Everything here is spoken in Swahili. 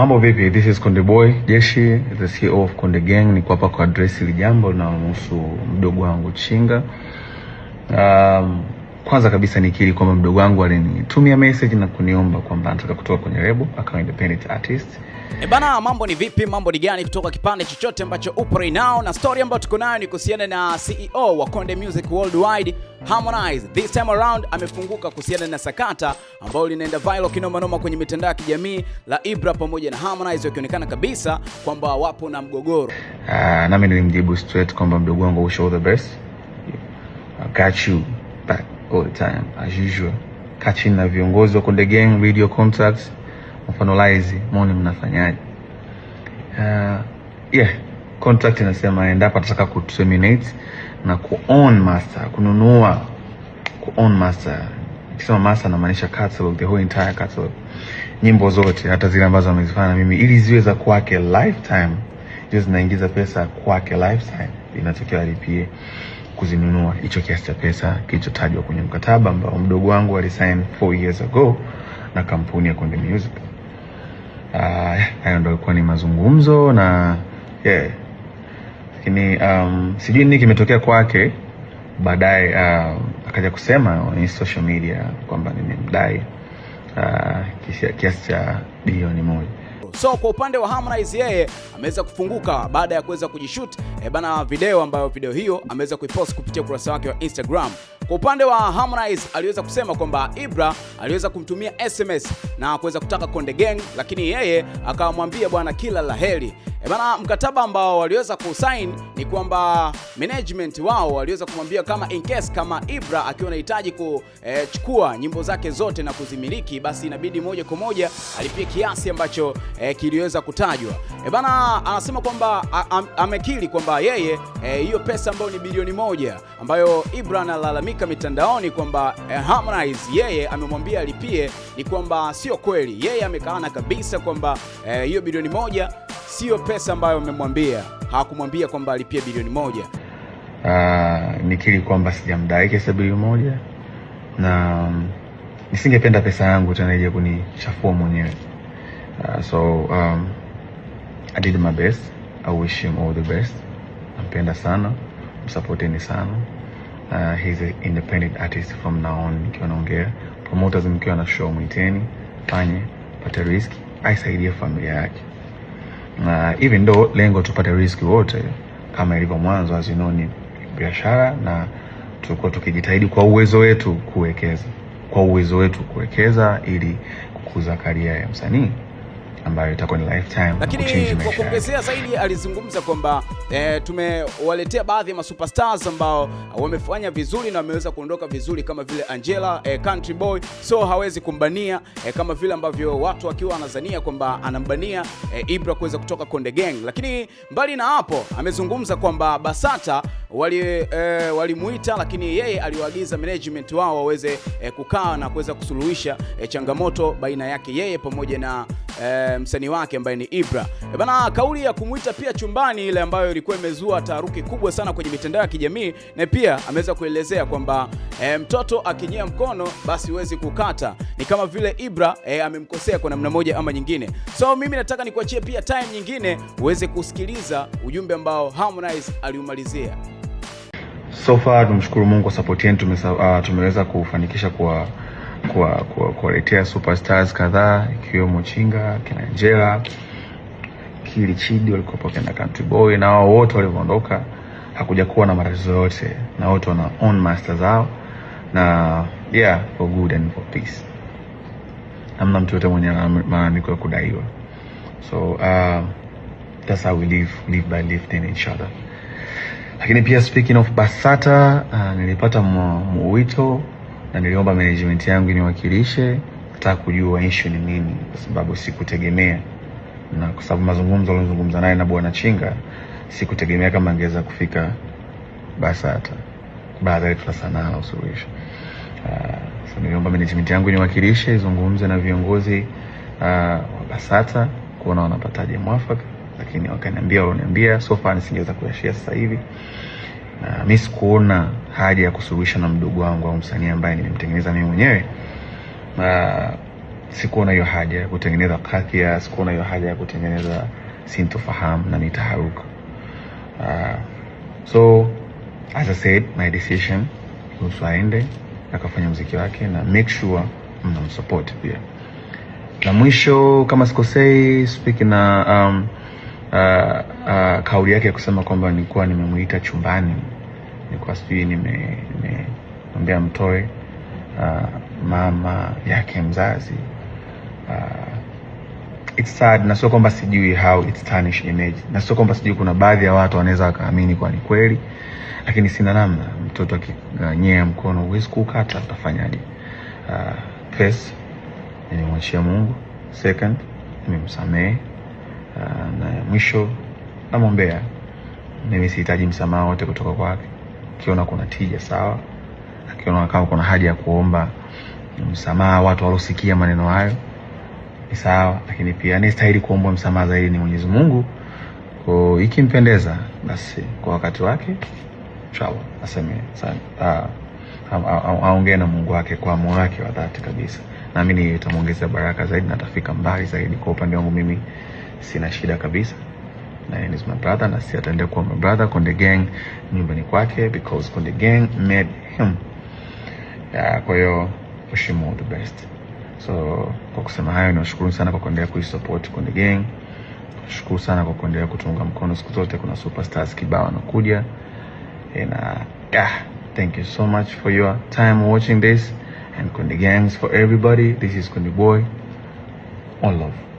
Mambo vipi? This is Konde Boy Jeshi, the CEO of Konde Gang. ni hapa kwa address hili jambo linalohusu mdogo wangu Chinga. Um, kwanza kabisa nikiri kwamba mdogo wangu alinitumia message na kuniomba kwamba anataka kutoka kwenye lebo akawa independent artist. E bana, mambo ni vipi? Mambo ni gani kutoka kipande chochote ambacho upo right now, na story ambayo tuko nayo ni kuhusiana na CEO wa Konde Music Worldwide Harmonize. This time around amefunguka kuhusiana na sakata ambayo linaenda viral kinoma noma kwenye mitandao ya kijamii la Ibra pamoja na Harmonize wakionekana kabisa kwamba wapo na mgogoro. Uh, nami nilimjibu straight kwamba mdogo wangu ushow the best. I got you all the time as usual, catching na viongozi wa Konde Gang read contacts mfano laizi muone mnafanyaje. Uh, yeah, contract inasema endapo atataka ku terminate na ku own master, kununua ku own master. kisema master namaanisha catalog, the whole entire catalog, nyimbo zote, hata zile ambazo amezifanya mimi, ili ziwe za kwake lifetime, hizo zinaingiza pesa kwake lifetime, inatokea alipie kuzinunua hicho kiasi cha pesa kilichotajwa kwenye mkataba ambao mdogo wangu alisign 4 years ago na kampuni ya Konde Music. Ah, hayo ndio ilikuwa ni mazungumzo na yeah. Lakini um, sijui nini kimetokea kwake baadaye, uh, akaja kusema on social media kwamba nimemdai uh, kiasi cha bilioni moja. So kwa upande wa Harmonize, yeye ameweza kufunguka baada ya kuweza kujishoot e bana video ambayo video hiyo ameweza kuipost kupitia ukurasa wake wa Instagram. Kwa upande wa Harmonize aliweza kusema kwamba Ibra aliweza kumtumia SMS na kuweza kutaka Konde Gang, lakini yeye akamwambia bwana, kila laheri. E bana, mkataba ambao waliweza kusign ni kwamba management wao waliweza kumwambia kama in case kama Ibra akiwa anahitaji kuchukua e, nyimbo zake zote na kuzimiliki, basi inabidi moja kwa moja alipia kiasi ambacho e, kiliweza kutajwa. E bana, anasema kwamba amekiri kwamba yeye e, hiyo e, pesa ambayo ni bilioni moja ambayo Ibra analalamika mitandaoni kwamba e, Harmonize yeye amemwambia alipie, ni kwamba sio kweli. Yeye amekaana kabisa kwamba e, hiyo e, bilioni moja siyo pesa ambayo amemwambia, hakumwambia kwamba alipie bilioni moja. Uh, nikiri kwamba sijamdai kesa bilioni moja na mm, nisingependa pesa yangu tena ije kunichafua mwenyewe. Uh, so um, I did my best. I wish him all the best. Nampenda sana, msupporteni sana. Uh, he's an independent artist from now on. Nikiwa naongea promoters, mkiwa na show mwiteni, fanye pate riski, aisaidie familia yake. Na uh, even though lengo tupate riski wote kama ilivyo mwanzo, as you know, ni biashara na tulikuwa tukijitahidi kwa uwezo wetu kuwekeza kwa uwezo wetu kuwekeza ili kukuza karia ya msanii ambayo itakuwa ni lifetime. Lakini kwa kuongezea zaidi, alizungumza kwamba e, tumewaletea baadhi ya masuperstars ambao wamefanya vizuri na wameweza kuondoka vizuri kama vile Angela e, Country Boy, so hawezi kumbania e, kama vile ambavyo watu wakiwa wanazania kwamba anambania e, Ibra kuweza kutoka Konde Gang. Lakini mbali na hapo amezungumza kwamba Basata Eh, walimuita wali lakini yeye aliwaagiza management wao waweze eh, kukaa na kuweza kusuluhisha eh, changamoto baina yake yeye pamoja na E, msanii wake ambaye ni Ibra. E bana, kauli ya kumwita pia chumbani ile ambayo ilikuwa imezua taharuki kubwa sana kwenye mitandao ya kijamii na pia ameweza kuelezea kwamba e, mtoto akinyia mkono basi huwezi kukata. Ni kama vile Ibra e, amemkosea kwa namna moja ama nyingine. So mimi nataka nikuachie pia time nyingine uweze kusikiliza ujumbe ambao Harmonize aliumalizia. So far tumshukuru Mungu kwa support yetu uh, tumeweza kufanikisha kwa kwa kuwaletea superstars kadhaa ikiwemo Mochinga, kina Angela, Kili Chidi walikuwa kina Country Boy na wao wote walioondoka, hakuja kuwa na matatizo yote, na wote wana own master zao na yeah for good and for peace. Hamna mtu yote mwenye malalamiko ya kudaiwa, so uh, that's how we live live by lifting each other. Lakini pia speaking of BASATA uh, nilipata mwito na niliomba management yangu niwakilishe, nataka kujua issue ni nini, kwa sababu sikutegemea, na kwa sababu mazungumzo alizungumza naye na bwana Chinga, sikutegemea kama angeza kufika BASATA baada ya la sana na usuluhisho uh, so niliomba management yangu niwakilishe, izungumze na viongozi uh, wa BASATA kuona wanapataje mwafaka lakini wakaniambia walioniambia, so far nisingeweza kuyashia sasa hivi, na mi sikuona haja ya kusuluhisha na mdogo wangu au msanii ambaye nimemtengeneza mimi mwenyewe na sikuona hiyo haja ya kutengeneza kadhia, sikuona hiyo haja ya kutengeneza sintofahamu na nitaharuka Uh, so as I said my decision kuhusu aende akafanya mziki wake na make sure mnamsupport pia. Na mwisho kama sikosei, speaking na um, uh, uh, kauli yake ya kusema kwamba nilikuwa nimemuita chumbani, nilikuwa sijui nimeambia nime mtoe uh, ah, mama yake mzazi uh, it's sad, na sio kwamba sijui how it's tarnish image, na sio kwamba sijui kuna baadhi ya watu wanaweza wakaamini kwa ni kweli, lakini sina namna. Mtoto akinyea mkono huwezi kukata, utafanyaje? Uh, first nimemwachia Mungu, second nimemsamehe Mwisho namwombea, mimi sihitaji msamaha wote kutoka kwake. Akiona kuna tija sawa, akiona kama kuna haja ya kuomba msamaha watu waliosikia maneno hayo ni sawa, lakini pia anastahili kuomba msamaha zaidi ni Mwenyezi Mungu. Kwa ikimpendeza, basi kwa wakati wake chawa aseme ah, ah, ah, aongee na Mungu wake kwa moyo wake wa dhati kabisa, naamini itamwongezea baraka zaidi na atafika mbali zaidi. Kwa upande wangu mimi sina shida kabisa na yeye is my brother na si ataendea kuwa my brother. Konde Gang nyumbani kwake because Konde Gang made him. Ya, kwa hiyo Oshimo the best. So kwa kusema hayo, nashukuru sana kwa kuendelea kuisupport Konde Gang. shukuru sana kwa kuendelea kutunga mkono siku zote, kuna superstars kibao wanakuja. Na yeah, uh, thank you so much for your time watching this and Konde Gangs for everybody. This is Konde Boy. All love.